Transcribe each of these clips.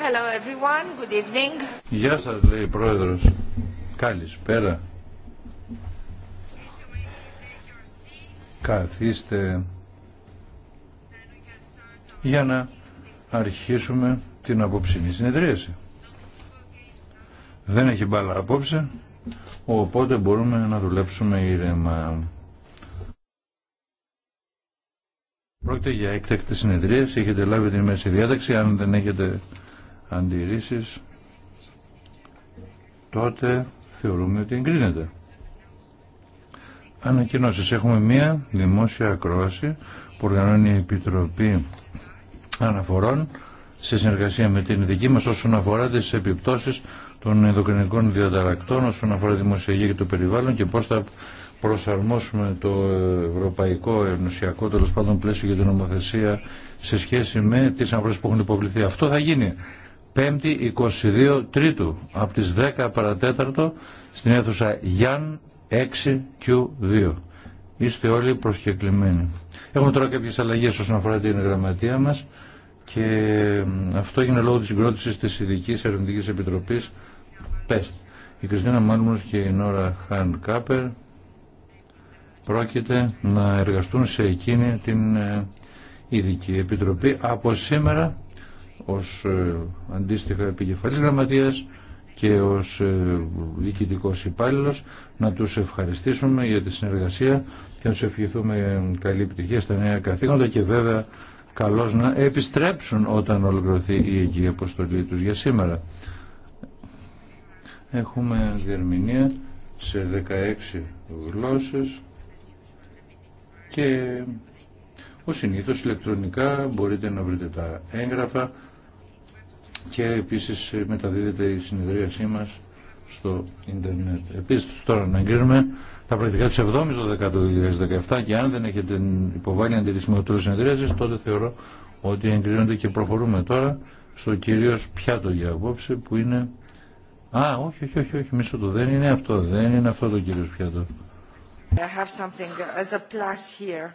Hello everyone. Good evening. Γεια σας λέει Πρόεδρος. Καλησπέρα. Καθίστε για να αρχίσουμε την απόψινή συνεδρίαση. Δεν έχει μπάλα απόψε, οπότε μπορούμε να δουλέψουμε ήρεμα. Πρόκειται για έκτακτη συνεδρία. Έχετε λάβει την μέση διάταξη. Αν δεν έχετε αντιρρήσει, τότε θεωρούμε ότι εγκρίνεται. Ανακοινώσει. Έχουμε μία δημόσια ακρόαση που οργανώνει η Επιτροπή Αναφορών σε συνεργασία με την δική μα όσον αφορά τι επιπτώσει των ενδοκρινικών διαταρακτών όσον αφορά τη δημοσιογεία και το περιβάλλον και πώ θα προσαρμόσουμε το ευρωπαϊκό ενωσιακό τέλο πάντων πλαίσιο για την νομοθεσία σε σχέση με τι αμφιβολίες που έχουν υποβληθεί. Αυτό θα γίνει 5η 22 Τρίτου από τι 10 παρατέταρτο στην αίθουσα Γιάν 6Q2. Είστε όλοι προσκεκλημένοι. Έχουμε τώρα κάποιε αλλαγέ όσον αφορά την γραμματεία μα και αυτό έγινε λόγω τη συγκρότηση τη ειδική ερευνητική επιτροπή. ΠΕΣΤ. Η Κριστίνα Μάρμουρ και η Νόρα Χαν Κάπερ πρόκειται να εργαστούν σε εκείνη την ε, ειδική επιτροπή από σήμερα ως ε, αντίστοιχα επικεφαλής γραμματείας και ως ε, διοικητικός υπάλληλος να τους ευχαριστήσουμε για τη συνεργασία και να τους ευχηθούμε καλή επιτυχία στα νέα καθήκοντα και βέβαια καλώς να επιστρέψουν όταν ολοκληρωθεί η εγγύη αποστολή τους για σήμερα. Έχουμε διερμηνία σε 16 γλώσσες και ό συνήθως ηλεκτρονικά μπορείτε να βρείτε τα έγγραφα και επίσης μεταδίδεται η συνεδρίασή μας στο ίντερνετ. Επίσης τώρα να εγκρίνουμε τα πρακτικά της 7ης του 2017 και αν δεν έχετε υποβάλει αντιρρησιμότητα του συνεδρίασης τότε θεωρώ ότι εγκρίνονται και προχωρούμε τώρα στο κυρίως πιάτο για απόψε που είναι... Α, όχι, όχι, όχι, όχι, μισό το δεν είναι αυτό, δεν είναι αυτό το κυρίως πιάτο. I have something as a plus here.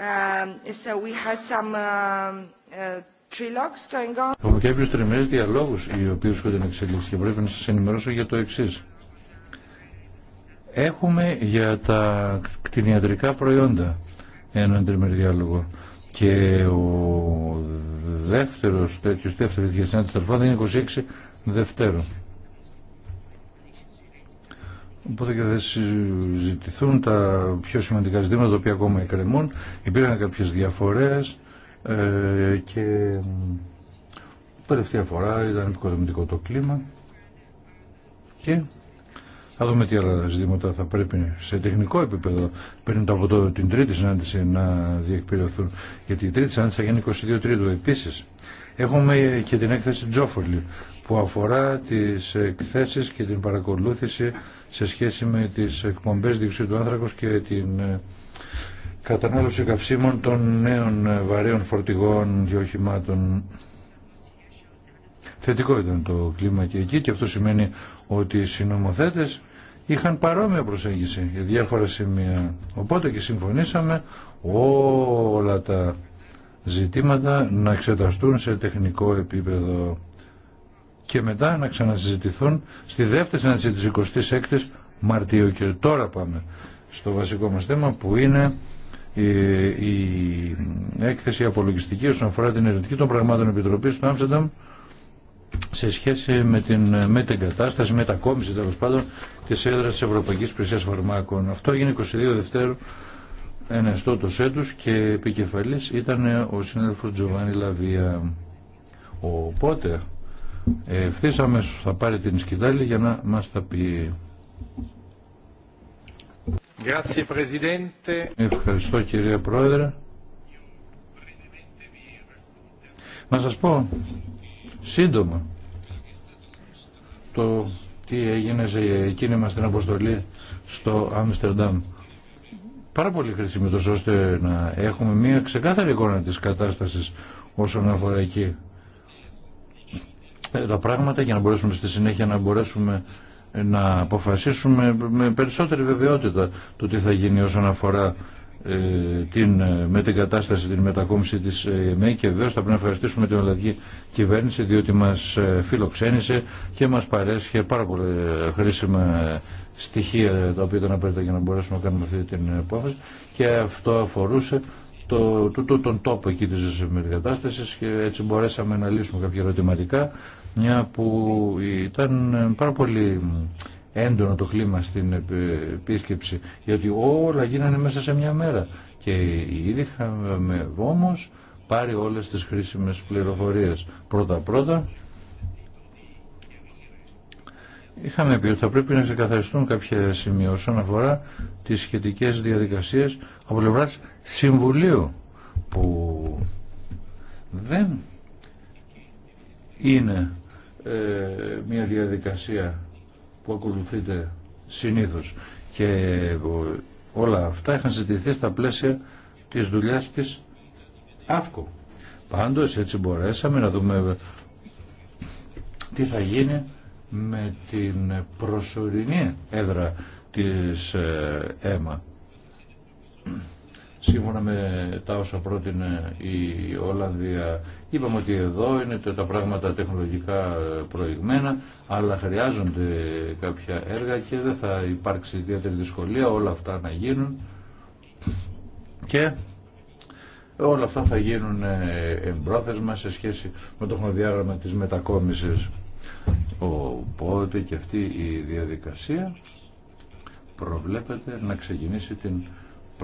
Um, so we had some um, uh, trilogues going on. Έχουμε κάποιους τριμμένους διαλόγους οι οποίους έχουν την εξελίξη και πρέπει να σας ενημερώσω για το εξής. Έχουμε για τα κτηνιατρικά προϊόντα έναν τριμμένο διάλογο και ο δεύτερος τέτοιος δεύτερος για είναι 26 Δευτέρου. Οπότε και θα συζητηθούν τα πιο σημαντικά ζητήματα τα οποία ακόμα εκκρεμούν. Υπήρχαν κάποιες διαφορές ε, και τελευταία φορά ήταν επικοδομητικό το κλίμα και θα δούμε τι άλλα ζητήματα θα πρέπει σε τεχνικό επίπεδο πριν από το, την τρίτη συνάντηση να διεκπληρωθούν Γιατί η τρίτη συνάντηση θα γίνει 22 Τρίτου επίσης. Έχουμε και την έκθεση Τζόφολη που αφορά τις εκθέσεις και την παρακολούθηση σε σχέση με τις εκπομπές διοξειδίου του άνθρακος και την ε, κατανάλωση καυσίμων των νέων ε, βαρέων φορτηγών και οχημάτων. Θετικό ήταν το κλίμα και εκεί και αυτό σημαίνει ότι οι συνομοθέτες είχαν παρόμοια προσέγγιση για διάφορα σημεία. Οπότε και συμφωνήσαμε όλα τα ζητήματα να εξεταστούν σε τεχνικό επίπεδο και μετά να ξανασυζητηθούν στη δεύτερη συνάντηση της 26ης Μαρτίου. Και τώρα πάμε στο βασικό μας θέμα που είναι η, η έκθεση απολογιστική όσον αφορά την ερευνητική των πραγμάτων επιτροπής του Άμστερνταμ σε σχέση με την μετεγκατάσταση, μετακόμιση τέλο πάντων τη έδρα τη Ευρωπαϊκή Υπηρεσία Φαρμάκων. Αυτό έγινε 22 Δευτέρου ενεστώ το και επικεφαλής ήταν ο συνέδελφος Τζοβάνι Λαβία. Οπότε ευθύς αμέσως θα πάρει την σκητάλη για να μας τα πει. Ευχαριστώ κυρία Πρόεδρε. Να σας πω σύντομα το τι έγινε σε εκείνη μας την αποστολή στο Άμστερνταμ πάρα πολύ χρήσιμη τόσο ώστε να έχουμε μια ξεκάθαρη εικόνα της κατάστασης όσον αφορά εκεί ε, τα πράγματα για να μπορέσουμε στη συνέχεια να μπορέσουμε να αποφασίσουμε με περισσότερη βεβαιότητα το τι θα γίνει όσον αφορά ε, την ε, μετεγκατάσταση, την μετακόμιση της ε, ΕΜΕ και βεβαίω θα πρέπει να ευχαριστήσουμε την Ολλανδική κυβέρνηση διότι μας φιλοξένησε και μας παρέσχε πάρα πολύ χρήσιμα στοιχεία τα οποία ήταν απαραίτητα για να μπορέσουμε να κάνουμε αυτή την απόφαση και αυτό αφορούσε το, το, τον τόπο εκεί της μετεγκατάστασης και έτσι μπορέσαμε να λύσουμε κάποια ερωτηματικά μια που ήταν πάρα πολύ έντονο το κλίμα στην επίσκεψη, γιατί όλα γίνανε μέσα σε μια μέρα. Και ήδη είχαμε όμως πάρει όλες τις χρήσιμες πληροφορίες. Πρώτα-πρώτα, είχαμε πει ότι θα πρέπει να ξεκαθαριστούν κάποια σημεία όσον αφορά τις σχετικές διαδικασίες από πλευρά Συμβουλίου, που δεν είναι ε, μια διαδικασία που ακολουθείτε συνήθως. Και ε, όλα αυτά είχαν ζητηθεί στα πλαίσια της δουλειάς της ΑΦΚΟ. Πάντως έτσι μπορέσαμε να δούμε ε, τι θα γίνει με την προσωρινή έδρα της ε, ΕΜΑ σύμφωνα με τα όσα πρότεινε η Ολλανδία. Είπαμε ότι εδώ είναι τα πράγματα τεχνολογικά προηγμένα, αλλά χρειάζονται κάποια έργα και δεν θα υπάρξει ιδιαίτερη δυσκολία όλα αυτά να γίνουν. Και όλα αυτά θα γίνουν ε, εμπρόθεσμα σε σχέση με το χρονοδιάγραμμα της μετακόμισης. Οπότε και αυτή η διαδικασία προβλέπεται να ξεκινήσει την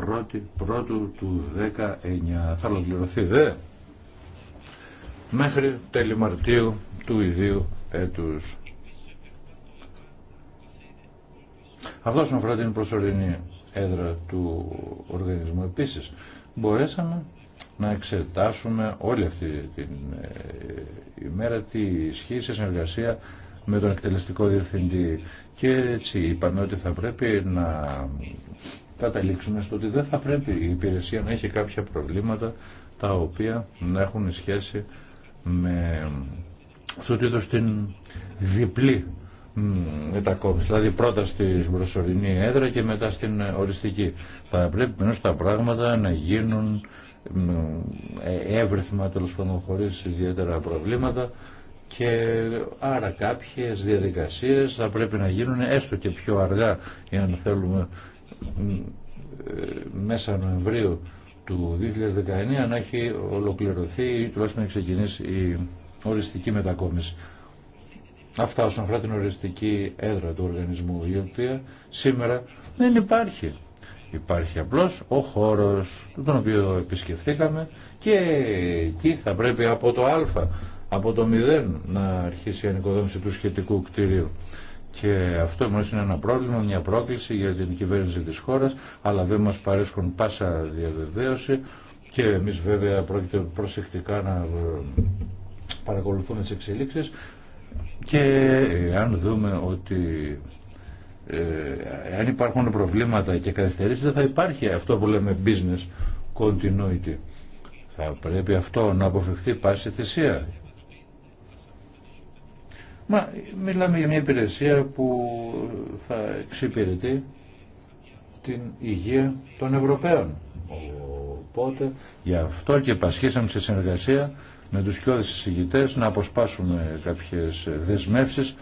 πρώτη, πρώτου του 19. Θα ολοκληρωθεί δε μέχρι τέλη Μαρτίου του ιδίου έτους. Αυτό όσον αφορά την προσωρινή έδρα του οργανισμού επίσης μπορέσαμε να εξετάσουμε όλη αυτή την ε, ημέρα τη ισχύ σε συνεργασία με τον εκτελεστικό διευθυντή και έτσι είπαμε ότι θα πρέπει να καταλήξουμε στο ότι δεν θα πρέπει η υπηρεσία να έχει κάποια προβλήματα τα οποία να έχουν σχέση με αυτό το είδος την διπλή μετακόμιση. Δηλαδή πρώτα στην προσωρινή έδρα και μετά στην οριστική. Θα πρέπει ενώ τα πράγματα να γίνουν ε, εύρυθμα τέλο πάντων χωρίς ιδιαίτερα προβλήματα και άρα κάποιες διαδικασίες θα πρέπει να γίνουν έστω και πιο αργά εάν θέλουμε ε, μέσα Νοεμβρίου του 2019 να έχει ολοκληρωθεί ή τουλάχιστον να ξεκινήσει η οριστική μετακόμιση. Αυτά όσον αφορά την οριστική έδρα του οργανισμού, η οποία σήμερα δεν υπάρχει. Υπάρχει απλώς ο χώρος τον οποίο επισκεφθήκαμε και εκεί θα πρέπει από το α, από το 0 να αρχίσει η ανοικοδόμηση του σχετικού κτηρίου. Και αυτό όμω είναι ένα πρόβλημα, μια πρόκληση για την κυβέρνηση της χώρας, αλλά δεν μας παρέσχουν πάσα διαβεβαίωση και εμείς βέβαια πρόκειται προσεκτικά να ε, παρακολουθούμε τις εξελίξεις και αν δούμε ότι ε, αν υπάρχουν προβλήματα και καθυστερήσεις δεν θα υπάρχει αυτό που λέμε business continuity. Θα πρέπει αυτό να αποφευχθεί πάση θυσία Μα μιλάμε για μια υπηρεσία που θα εξυπηρετεί την υγεία των Ευρωπαίων. Οπότε γι' αυτό και πασχίσαμε σε συνεργασία με τους κοιόδες συζητητές να αποσπάσουμε κάποιες δεσμεύσεις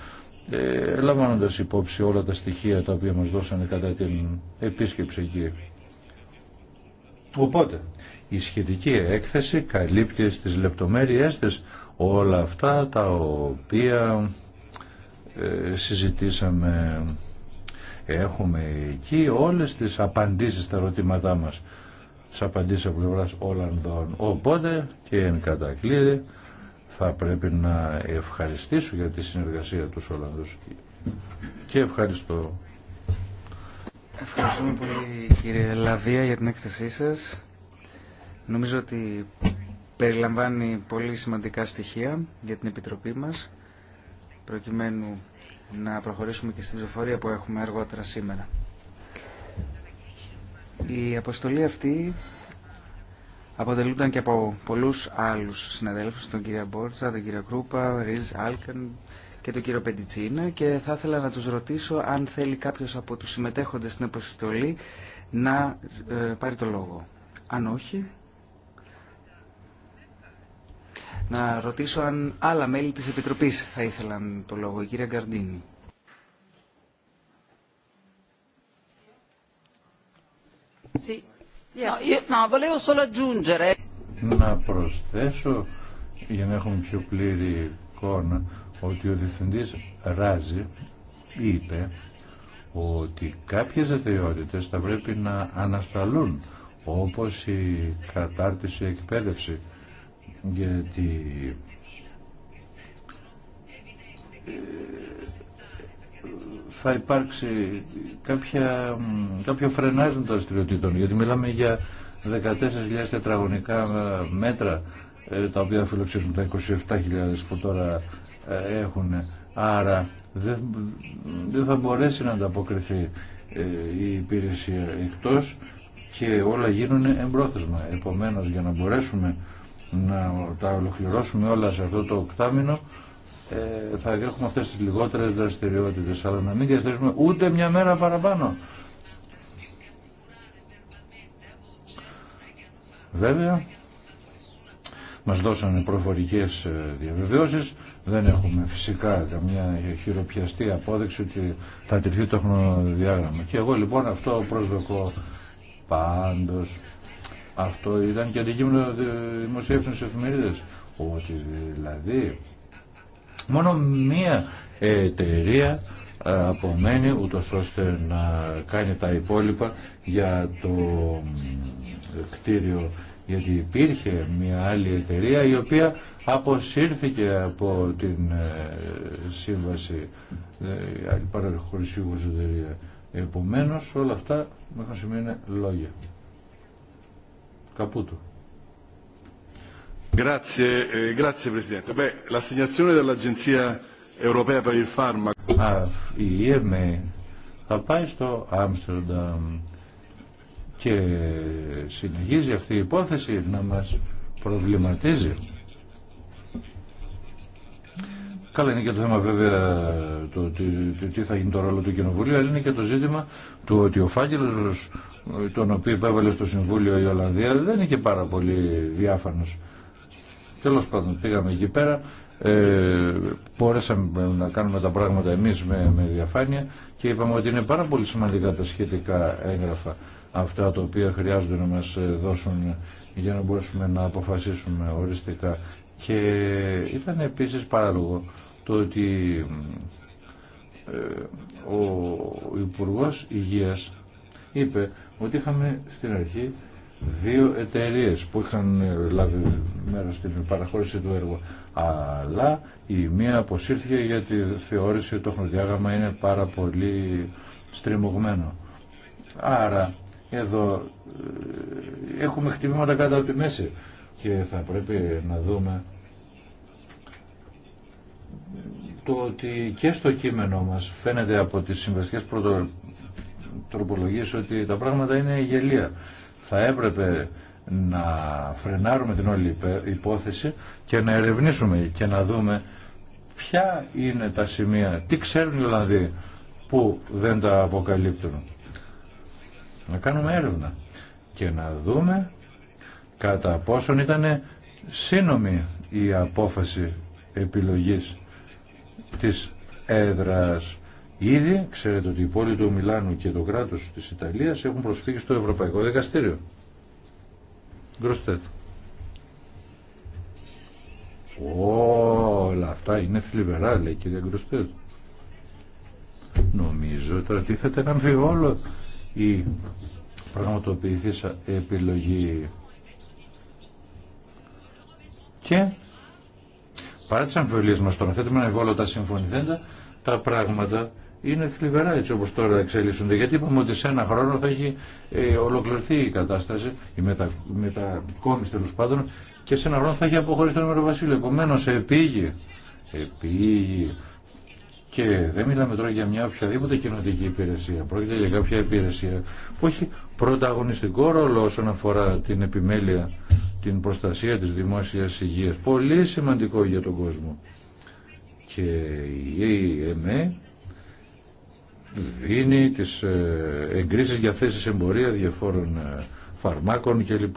ε, υπόψη όλα τα στοιχεία τα οποία μας δώσανε κατά την επίσκεψη εκεί. Οπότε, η σχετική έκθεση καλύπτει στις λεπτομέρειές της όλα αυτά τα οποία ε, συζητήσαμε έχουμε εκεί όλες τις απαντήσεις στα ερωτήματά μας τις απαντήσεις από πλευράς Ολλανδών οπότε και εν κατακλείδη θα πρέπει να ευχαριστήσω για τη συνεργασία τους Ολλανδούς και ευχαριστώ Ευχαριστούμε πολύ κύριε Λαβία για την έκθεσή σας νομίζω ότι περιλαμβάνει πολύ σημαντικά στοιχεία για την Επιτροπή μας προκειμένου να προχωρήσουμε και στη ψηφοφορία που έχουμε αργότερα σήμερα. Η αποστολή αυτή αποτελούνταν και από πολλούς άλλους συναδέλφους, τον κύριο Μπόρτσα, τον κύριο Κρούπα, Ρίζ Άλκαν και τον κύριο Πεντιτσίνα και θα ήθελα να τους ρωτήσω αν θέλει κάποιος από τους συμμετέχοντες στην αποστολή να ε, πάρει το λόγο. Αν όχι, να ρωτήσω αν άλλα μέλη της Επιτροπής θα ήθελαν το λόγο. Η κυρία Γκαρντίνη. Να προσθέσω για να έχουμε πιο πλήρη εικόνα ότι ο διευθυντής Ράζη είπε ότι κάποιες δραστηριότητε θα πρέπει να ανασταλούν όπως η κατάρτιση εκπαίδευση γιατί ε, θα υπάρξει κάποια, κάποιο φρενάζ των δραστηριοτήτων γιατί μιλάμε για 14.000 τετραγωνικά ε, μέτρα ε, τα οποία φιλοξενούν τα 27.000 που τώρα έχουν άρα δεν, θα μπορέσει να ανταποκριθεί η υπηρεσία εκτός και όλα γίνουν εμπρόθεσμα επομένως για να μπορέσουμε να τα ολοκληρώσουμε όλα σε αυτό το οκτάμινο ε, θα έχουμε αυτές τις λιγότερες δραστηριότητες αλλά να μην διαθέσουμε ούτε μια μέρα παραπάνω. Βέβαια, μας δώσανε προφορικές ε, διαβεβαιώσεις, δεν έχουμε φυσικά καμιά χειροπιαστή απόδειξη ότι θα τηρηθεί το χρονοδιάγραμμα. Και εγώ λοιπόν αυτό προσδοκώ πάντως αυτό ήταν και αντικείμενο δημοσίευσεων σε εφημερίδες. Ότι δηλαδή μόνο μία εταιρεία ε, απομένει ούτω ώστε να κάνει τα υπόλοιπα για το κτίριο γιατί υπήρχε μια άλλη εταιρεία η οποία αποσύρθηκε από την ε, σύμβαση ε, άλλη παραχωρησίου εταιρεία. Επομένως όλα αυτά μέχρι να σημαίνει λόγια η ΕΜΕ eh, ah, e e θα πάει στο Άμστερνταμ και συνεχίζει αυτή η υπόθεση να μας προβληματίζει. Καλά είναι και το θέμα βέβαια το τι, τι θα γίνει το ρόλο του Κοινοβουλίου, αλλά είναι και το ζήτημα του ότι ο Φάγγελος τον οποίο υπέβαλε στο Συμβούλιο η Ολλανδία δεν είχε πάρα πολύ διάφανος. Τέλος πάντων πήγαμε εκεί πέρα, ε, να κάνουμε τα πράγματα εμείς με, με διαφάνεια και είπαμε ότι είναι πάρα πολύ σημαντικά τα σχετικά έγγραφα αυτά τα οποία χρειάζονται να μας ε, δώσουν για να μπορέσουμε να αποφασίσουμε οριστικά. Και ήταν επίσης παράλογο το ότι ε, ο Υπουργός Υγείας είπε ότι είχαμε στην αρχή δύο εταιρείε που είχαν ε, λάβει μέρο στην παραχώρηση του έργου. Αλλά η μία αποσύρθηκε γιατί θεώρησε ότι το χρονοδιάγραμμα είναι πάρα πολύ στριμωγμένο. Άρα εδώ ε, έχουμε χτυπήματα κάτω από τη μέση και θα πρέπει να δούμε το ότι και στο κείμενο μας φαίνεται από τις πρωτο, τροπολογίες ότι τα πράγματα είναι γελία. Θα έπρεπε να φρενάρουμε την όλη υπόθεση και να ερευνήσουμε και να δούμε ποια είναι τα σημεία, τι ξέρουν οι Ολλανδοί που δεν τα αποκαλύπτουν. Να κάνουμε έρευνα και να δούμε κατά πόσον ήταν σύνομη η απόφαση επιλογής της έδρας Ήδη ξέρετε ότι η πόλη του Μιλάνου και το κράτος της Ιταλίας έχουν προσφύγει στο Ευρωπαϊκό Δικαστήριο. Γκροστέτ. Όλα αυτά είναι θλιβερά, λέει η κυρία Νομίζω ότι τίθεται να αμφιβόλο η πραγματοποιηθήσα επιλογή. Και παρά τις αμφιβολίες μας τώρα θέτουμε να τα συμφωνηθέντα, τα πράγματα είναι θλιβερά έτσι όπως τώρα εξελίσσονται γιατί είπαμε ότι σε ένα χρόνο θα έχει ε, ολοκληρωθεί η κατάσταση η μετα, μετακόμιση τέλο πάντων και σε ένα χρόνο θα έχει αποχωρήσει το νούμερο βασίλειο επομένως επήγει, επήγει. και δεν μιλάμε τώρα για μια οποιαδήποτε κοινωτική υπηρεσία. Πρόκειται για κάποια υπηρεσία που έχει πρωταγωνιστικό ρόλο όσον αφορά την επιμέλεια, την προστασία της δημόσιας υγείας. Πολύ σημαντικό για τον κόσμο. Και η ΕΜΕ δίνει τις ε, εγκρίσεις για θέσεις εμπορία διαφόρων ε, φαρμάκων κλπ.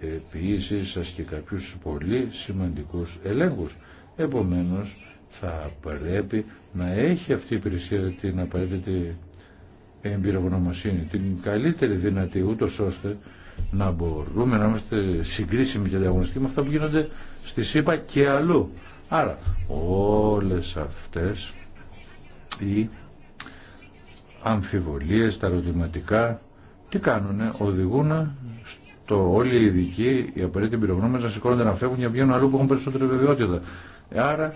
Επίσης και κάποιους πολύ σημαντικούς ελέγχους. Επομένως θα πρέπει να έχει αυτή η υπηρεσία την απαραίτητη εμπειρογνωμοσύνη, την καλύτερη δυνατή, ούτω ώστε να μπορούμε να είμαστε συγκρίσιμοι και διαγωνιστικοί με αυτά που γίνονται στη ΣΥΠΑ και αλλού. Άρα όλες αυτές οι αμφιβολίες, τα ερωτηματικά, τι κάνουνε, οδηγούν στο όλοι οι ειδικοί, οι απαραίτητοι πυρογνώμες να σηκώνονται να φεύγουν για να βγαίνουν αλλού που έχουν περισσότερη βεβαιότητα. Ε, άρα,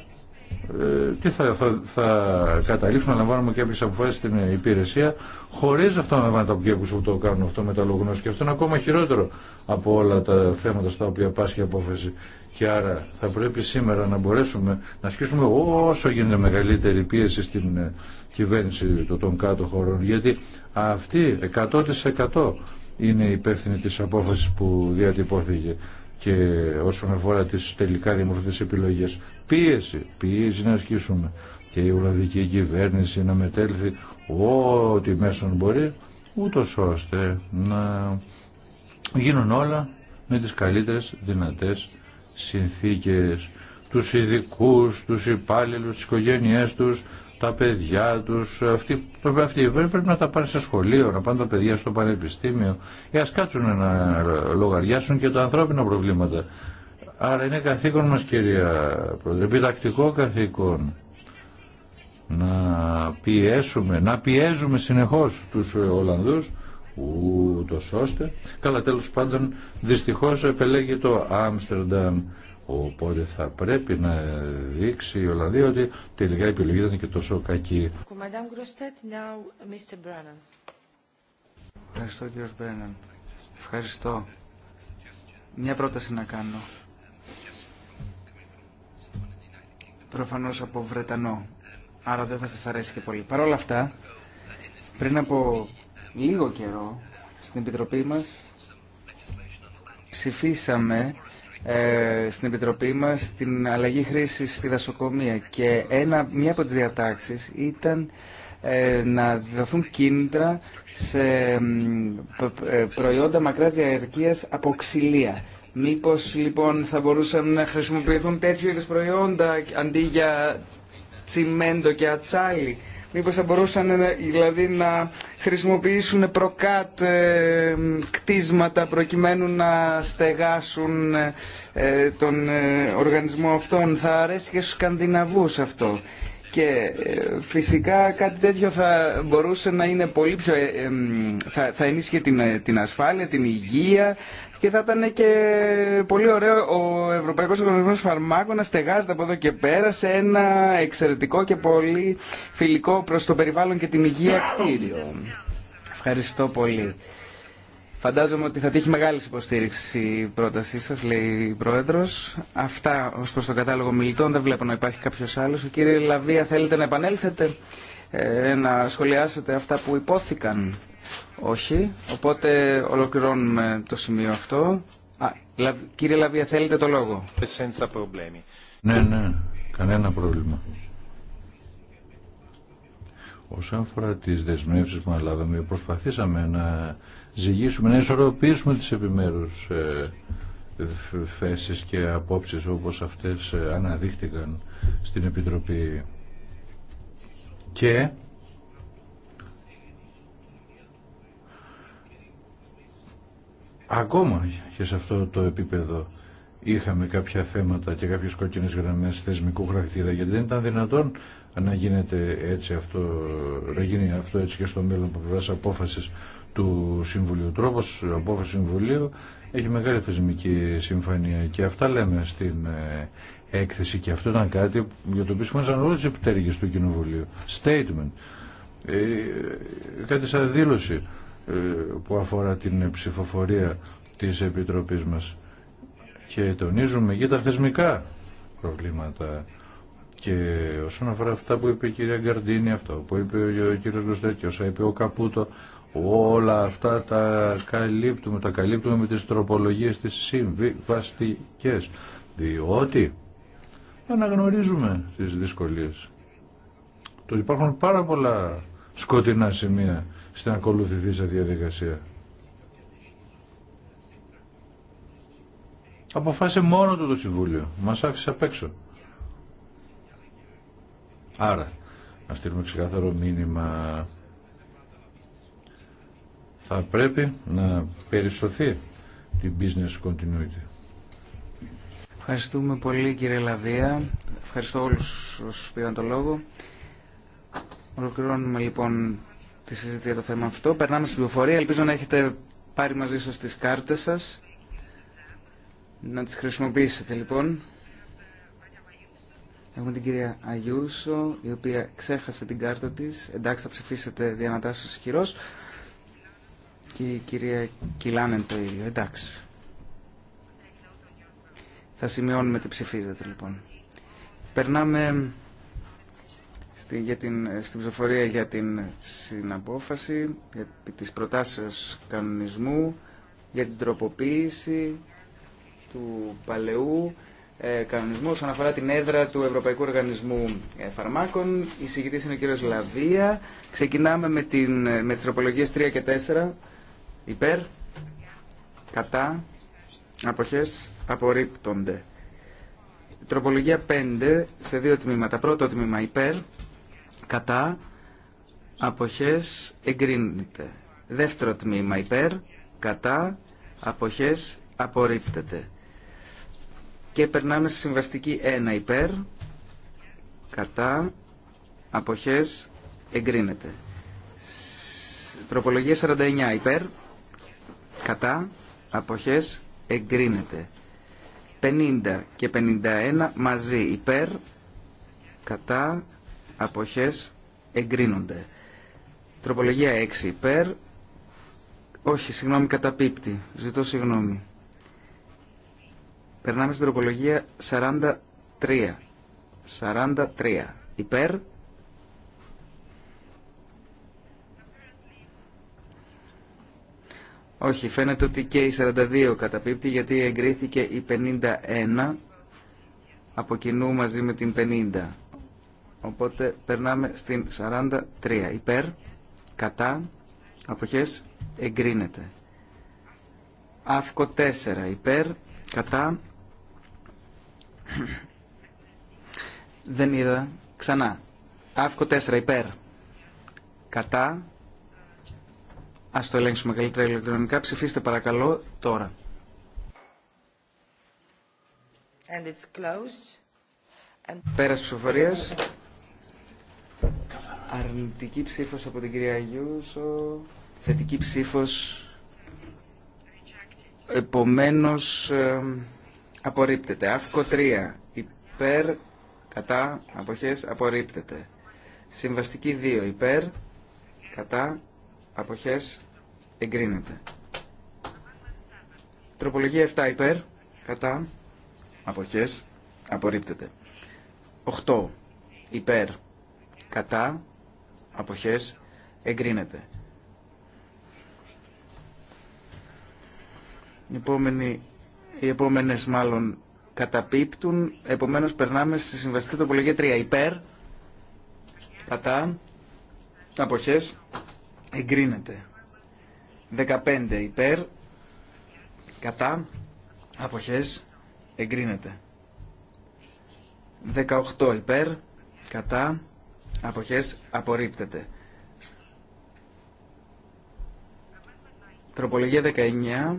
ε, τι θα, θα, θα καταλήξουν να λαμβάνουμε κάποιες αποφάσεις στην υπηρεσία χωρίς αυτό να λαμβάνουν τα πγκέκους που το κάνουν αυτό με τα λογνώση και αυτό είναι ακόμα χειρότερο από όλα τα θέματα στα οποία πάσχει η απόφαση. Και άρα θα πρέπει σήμερα να μπορέσουμε να ασκήσουμε όσο γίνεται μεγαλύτερη πίεση στην ε, κυβέρνηση των κάτω χωρών. Γιατί αυτή 100% είναι υπεύθυνη της απόφασης που διατυπώθηκε και όσον αφορά τις τελικά δημορφωτές επιλογές. Πίεση, πίεση να ασκήσουμε και η ουραδική κυβέρνηση να μετέλθει ό,τι μέσον μπορεί, ούτω ώστε να γίνουν όλα με τις καλύτερες δυνατές συνθήκες, τους ειδικού, τους υπάλληλου, τις οικογένειές τους, τα παιδιά τους, αυτοί, αυτοί πρέπει να τα πάνε σε σχολείο, να πάνε τα παιδιά στο πανεπιστήμιο, ή ε, ας κάτσουν να λογαριάσουν και τα ανθρώπινα προβλήματα. Άρα είναι καθήκον μας κυρία Πρόεδρε, επιτακτικό καθήκον να πιέσουμε, να πιέζουμε συνεχώς τους Ολλανδούς ούτω ώστε. Καλά τέλο πάντων δυστυχώ επελέγει το Άμστερνταμ. Οπότε θα πρέπει να δείξει η Ολλανδία ότι τελικά η επιλογή δεν είναι και τόσο κακή. Ευχαριστώ κύριο Μπέναν. Ευχαριστώ. Μια πρόταση να κάνω. Προφανώ από Βρετανό. Άρα δεν θα σα αρέσει και πολύ. Παρ' όλα αυτά, πριν από λίγο καιρό στην Επιτροπή μας ψηφίσαμε ε, στην Επιτροπή μας την αλλαγή χρήσης στη δασοκομεία και ένα, μία από τις διατάξεις ήταν ε, να δοθούν κίνητρα σε ε, προϊόντα μακράς διαρκείας από ξυλία. Μήπως λοιπόν θα μπορούσαν να χρησιμοποιηθούν τέτοιου είδους προϊόντα αντί για τσιμέντο και ατσάλι Μήπως θα μπορούσαν ε, δηλαδή να χρησιμοποιήσουν προκάτ ε, κτίσματα προκειμένου να στεγάσουν ε, τον οργανισμό αυτόν. Θα αρέσει και στους Σκανδιναβούς αυτό. Και ε, φυσικά κάτι τέτοιο θα μπορούσε να είναι πολύ πιο... Ε, θα, θα ενίσχυε την, ε, την ασφάλεια, την υγεία και θα ήταν και πολύ ωραίο ο Ευρωπαϊκός Οργανισμό Φαρμάκων να στεγάζεται από εδώ και πέρα σε ένα εξαιρετικό και πολύ φιλικό προς το περιβάλλον και την υγεία κτίριο. Ευχαριστώ πολύ. Φαντάζομαι ότι θα τύχει μεγάλη υποστήριξη η πρότασή σα, λέει η Πρόεδρο. Αυτά ω προ τον κατάλογο μιλητών. Δεν βλέπω να υπάρχει κάποιο άλλο. κύριε Λαβία, θέλετε να επανέλθετε, ε, να σχολιάσετε αυτά που υπόθηκαν. Όχι. Οπότε ολοκληρώνουμε το σημείο αυτό. Α, κύριε Λαβία, θέλετε το λόγο. Ναι, ναι, κανένα πρόβλημα. Όσον αφορά τις δεσμεύσεις που αναλάβαμε, προσπαθήσαμε να ζυγίσουμε, να ισορροπήσουμε τις επιμέρους θέσεις ε, και απόψεις όπως αυτές ε, αναδείχτηκαν στην Επιτροπή και ακόμα και σε αυτό το επίπεδο είχαμε κάποια θέματα και κάποιες κόκκινες γραμμές θεσμικού χαρακτήρα γιατί δεν ήταν δυνατόν να γίνεται έτσι αυτό, να γίνει αυτό έτσι και στο μέλλον από πλευρά απόφαση του Συμβουλίου. Τρόπο απόφαση Συμβουλίου έχει μεγάλη θεσμική συμφωνία και αυτά λέμε στην ε, έκθεση και αυτό ήταν κάτι για το οποίο σημαίνει όλε τι επιτέρυγε του Κοινοβουλίου. Statement. Ε, κάτι σαν δήλωση ε, που αφορά την ψηφοφορία της Επιτροπής μας και τονίζουμε και τα θεσμικά προβλήματα και όσον αφορά αυτά που είπε η κυρία Γκαρντίνη, αυτό που είπε ο κύριο Γκοστέκη, όσα είπε ο Καπούτο, όλα αυτά τα καλύπτουμε, τα καλύπτουμε με τις τροπολογίες τις συμβιβαστικέ. διότι αναγνωρίζουμε τι δυσκολίε. Το υπάρχουν πάρα πολλά σκοτεινά σημεία στην σε διαδικασία. Αποφάσισε μόνο του το Συμβούλιο. Μας άφησε απ' έξω. Άρα, να στείλουμε ξεκάθαρο μήνυμα. Θα πρέπει να περισσοθεί την business continuity. Ευχαριστούμε πολύ κύριε Λαβία. Ευχαριστώ όλους όσους πήραν το λόγο. Ολοκληρώνουμε λοιπόν τη συζήτηση για το θέμα αυτό. Περνάμε στην πληροφορία. Ελπίζω να έχετε πάρει μαζί σας τις κάρτες σας. Να τις χρησιμοποιήσετε λοιπόν. Έχουμε την κυρία Αγιούσο, η οποία ξέχασε την κάρτα της. Εντάξει, θα ψηφίσετε διανατάσσεως ισχυρός. Και η κυρία Κιλάνεν το ίδιο. Εντάξει. Θα σημειώνουμε τι ψηφίζετε λοιπόν. Περνάμε για την, στην ψηφοφορία για την συναπόφαση, για τις προτάσεις κανονισμού, για την τροποποίηση του παλαιού ε, κανονισμού όσον αφορά την έδρα του Ευρωπαϊκού Οργανισμού ε, Φαρμάκων. Η συγκητή είναι ο κύριο Λαβία. Ξεκινάμε με, την, με 3 και 4. Υπέρ, κατά, αποχές, απορρίπτονται. Τροπολογία 5 σε δύο τμήματα. Πρώτο τμήμα υπέρ, κατά, αποχές, εγκρίνεται. Δεύτερο τμήμα υπέρ, κατά, αποχές, απορρίπτεται. Και περνάμε στη συμβαστική 1 υπέρ, κατά, αποχές, εγκρίνεται. Τροπολογία 49 υπέρ, κατά, αποχές, εγκρίνεται. 50 και 51 μαζί υπέρ, κατά, αποχές, εγκρίνονται. Τροπολογία 6 υπέρ, όχι, συγγνώμη, καταπίπτει. Ζητώ συγγνώμη. Περνάμε στην τροπολογία 43. 43. Υπέρ. Όχι, φαίνεται ότι και η 42 καταπίπτει γιατί εγκρίθηκε η 51 από κοινού μαζί με την 50. Οπότε περνάμε στην 43. Υπέρ, κατά, αποχές, εγκρίνεται. Αύκο 4. Υπέρ, κατά, δεν είδα. Ξανά. Αύκο 4 υπέρ. Κατά. Ας το ελέγξουμε καλύτερα ηλεκτρονικά. Ψηφίστε παρακαλώ τώρα. And it's closed. Πέρας ψηφοφορίας. Αρνητική ψήφος από την κυρία Γιούσο. Θετική ψήφος. Επομένως απορρίπτεται. Αύκο 3 υπέρ κατά αποχές απορρίπτεται. Συμβαστική 2 υπέρ κατά αποχές εγκρίνεται. Τροπολογία 7 υπέρ κατά αποχές απορρίπτεται. 8 υπέρ κατά αποχές εγκρίνεται. Η επόμενη οι επόμενε μάλλον καταπίπτουν, επομένω περνάμε στη συμβαστική τοπολογία 3 υπέρ, κατά, αποχές, εγκρίνεται. 15 υπέρ, κατά, αποχές, εγκρίνεται. 18 υπέρ, κατά, αποχές, απορρίπτεται. Τροπολογία 19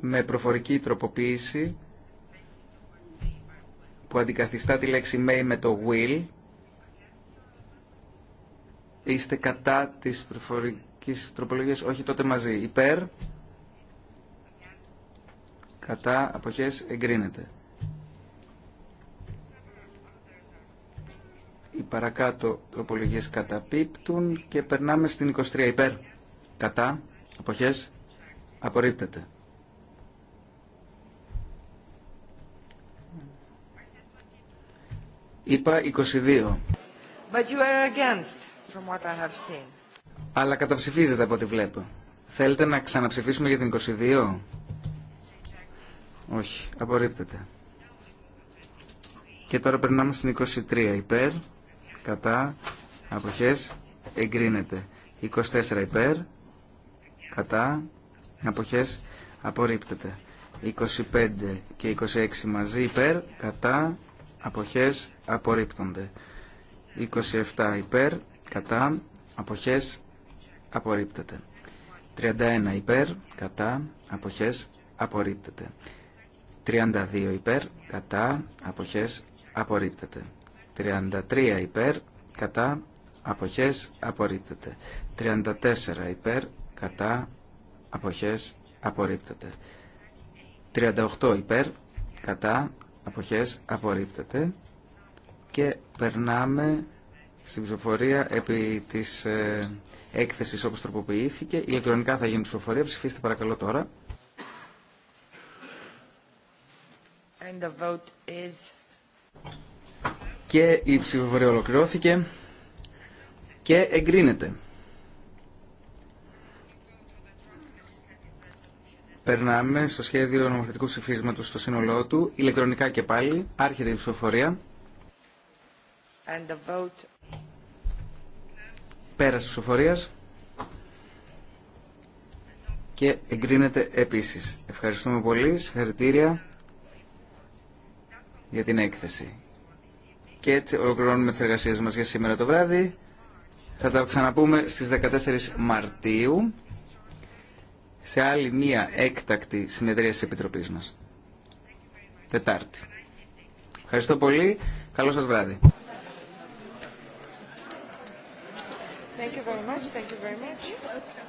με προφορική τροποποίηση που αντικαθιστά τη λέξη may με το will. Είστε κατά της προφορικής τροπολογίας, όχι τότε μαζί. Υπέρ, κατά, αποχές, εγκρίνεται. Οι παρακάτω τροπολογίες καταπίπτουν και περνάμε στην 23 υπέρ. Κατά, αποχές, απορρίπτεται. Είπα 22. Αλλά καταψηφίζετε από ό,τι βλέπω. Θέλετε να ξαναψηφίσουμε για την 22. Όχι, απορρίπτεται. Και τώρα περνάμε στην 23. Υπέρ, κατά, αποχές, εγκρίνεται. 24 υπέρ, κατά, αποχές, απορρίπτεται. 25 και 26 μαζί υπέρ, κατά, αποχές απορρίπτονται. 27 υπέρ, κατά, αποχές απορρίπτεται. 31 υπέρ, κατά, αποχές απορρίπτεται. 32 υπέρ, κατά, αποχές απορρίπτεται. 33 υπέρ, κατά, αποχές απορρίπτεται. 34 υπέρ, κατά, αποχές απορρίπτεται. 38 υπέρ, κατά, αποχές απορρίπτεται και περνάμε στην ψηφοφορία επί της ε, έκθεσης όπως τροποποιήθηκε. Ηλεκτρονικά θα γίνει ψηφοφορία. Ψηφίστε παρακαλώ τώρα. And the vote is... Και η ψηφοφορία ολοκληρώθηκε και εγκρίνεται. Περνάμε στο σχέδιο νομοθετικού ψηφίσματος στο σύνολό του, ηλεκτρονικά και πάλι, άρχεται η ψηφοφορία. Πέραση Πέρασε και εγκρίνεται επίσης. Ευχαριστούμε πολύ, συγχαρητήρια για την έκθεση. Και έτσι ολοκληρώνουμε τις εργασίες μας για σήμερα το βράδυ. Θα τα ξαναπούμε στις 14 Μαρτίου σε άλλη μία έκτακτη συνεδρία της Επιτροπής μας. Τετάρτη. Ευχαριστώ πολύ. Καλό σας βράδυ. Thank you very much. Thank you very much.